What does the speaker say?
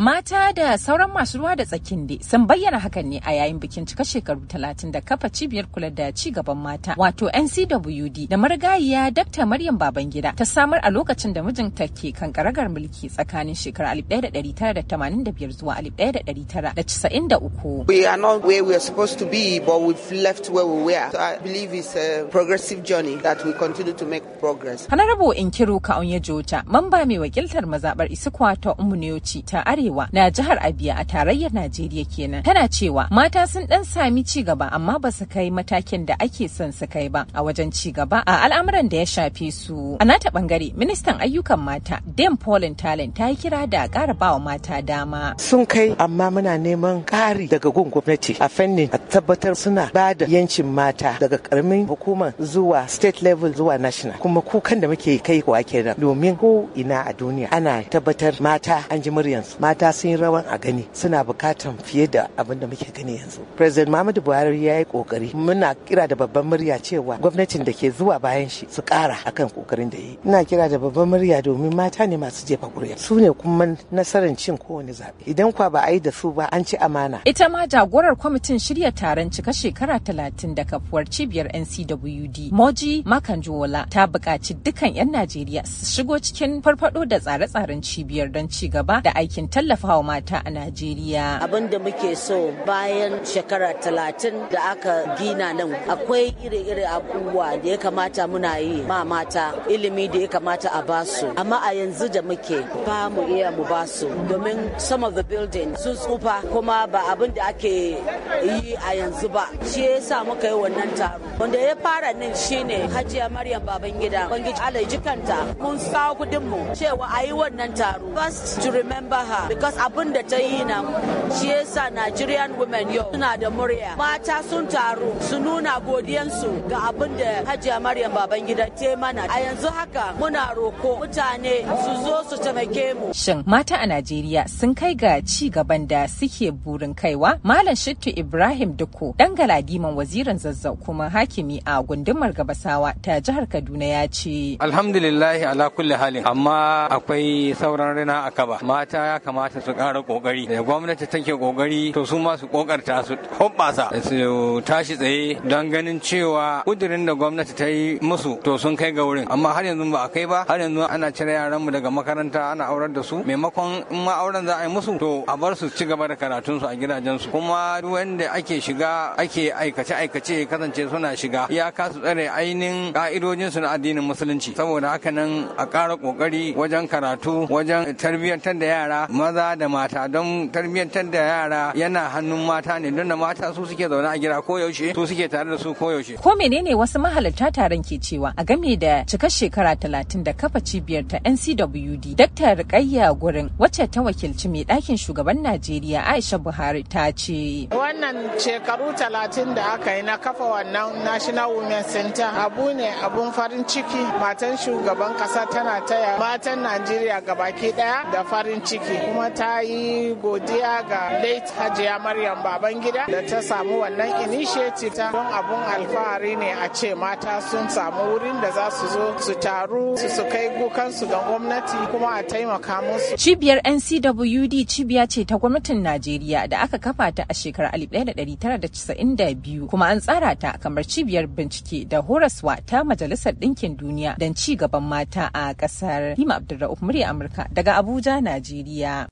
Mata da sauran masu ruwa da tsakin dai sun bayyana hakan ne a yayin bikin cika shekaru talatin da kafa cibiyar kula da ci gaban mata wato NCWD da marigayiya Dr. Maryam Babangida ta samar a lokacin da mijinta ke kan karagar mulki tsakanin shekarar 1985 zuwa 1993. We are not where we are supposed to be but we've left where we were. So I believe it's a progressive journey that we continue to make progress. Honorable Inkiru Kaunye Jota, mamba mai wakiltar mazabar Isikwa ta Umuneoci ta Arewa Arewa na jihar Abia a tarayyar Najeriya kenan tana cewa mata sun dan sami ci gaba amma ba su kai matakin da ake son su kai ba a wajen ci gaba a al'amuran da ya shafe su. A nata bangare ministan ayyukan mata Dame Paulin Talent ta yi kira da ƙara bawa mata dama. Sun kai amma muna neman kari daga gun gwamnati a fannin a tabbatar suna ba da yancin mata daga karamin hukuma zuwa state level zuwa national kuma kukan da muke kai kuwa kenan domin ko ina a duniya ana tabbatar mata an ji muryansu mata sun yi rawan a gani suna bukatan fiye da abin da muke gani yanzu president muhammadu buhari ya yi kokari muna kira da babban murya cewa gwamnatin da ke zuwa bayan shi su kara akan kokarin da yi ina kira da babban murya domin mata ne masu jefa kuri'a su ne kuma nasarar cin kowane zaɓe idan kwa ba a yi da su ba an ci amana ita ma jagorar kwamitin shirya taron cika shekara talatin da kafuwar cibiyar ncwd moji makanjola ta buƙaci dukkan 'yan najeriya su shigo cikin farfado da tsare-tsaren cibiyar don ci gaba da aikin ta tallafawa mata a Najeriya. Abin da muke so bayan shekara talatin da aka gina nan akwai iri-iri abubuwa da ya kamata muna yi ma mata ilimi da ya kamata a basu amma a yanzu da muke ba mu iya mu basu domin some of the building sun tsufa kuma ba abin da ake yi a yanzu ba shi sa muka yi wannan taro wanda ya fara nan shine hajiya maryam babangida bangiji alaji kanta mun sa kudin cewa a yi wannan taro first to remember her because abin da ta yi na shi yasa Nigerian women yau suna da murya mata sun taru su nuna godiyansu ga abin da Hajiya Maryam baban gida ta mana a yanzu haka muna roko mutane su zo su taimake mu shin mata a Najeriya sun kai ga ci gaban da suke burin kaiwa Malam Shittu Ibrahim Duko dan galadiman waziran zazzau kuma hakimi a gundumar Gabasawa ta jihar Kaduna ya ce alhamdulillah ala kulli halin amma akwai sauran rina a kaba mata ya kamata kamata su ƙara ƙoƙari da gwamnati take ƙoƙari to su ma su ƙoƙarta su hoɓɓasa su tashi tsaye don ganin cewa ƙudurin da gwamnati ta yi musu to sun kai ga wurin amma har yanzu ba a kai ba har yanzu ana cire yaranmu daga makaranta ana aurar da su maimakon in ma auren za a yi musu to a bar su ci gaba da karatun su a gidajen su. kuma wanda ake shiga ake aikace aikace kasance suna shiga ya su tsare ainihin su na addinin musulunci saboda haka nan a ƙara ƙoƙari wajen karatu wajen tarbiyyantar da yara maza da mata don tarbiyyantar da yara yana hannun mata ne don da mata su suke zaune a gida ko yaushe su suke tare da su ko yaushe. Ko menene wasu mahalarta taron ke cewa a game da cika shekara talatin da kafa cibiyar ta NCWD Dr. Rukayya Gurin wacce ta wakilci mai ɗakin shugaban Najeriya Aisha Buhari ta ce. Wannan shekaru talatin da aka yi na kafa wannan National Women Center abu ne abun farin ciki matan shugaban kasa tana taya matan Najeriya gabaki ɗaya da farin ciki. kuma ta yi godiya ga late hajiya maryam babangida da ta samu wannan initiative ta don abun alfahari ne a ce mata sun samu wurin da za su zo su taru su su kai kukansu ga gwamnati kuma a taimaka musu cibiyar ncwd cibiya ce ta gwamnatin najeriya da aka kafa ta a shekarar 1992 kuma an tsara ta kamar cibiyar bincike da horaswa ta majalisar ɗinkin duniya don ci gaban mata a kasar. Hima murya Amurka daga Abuja, Najeriya.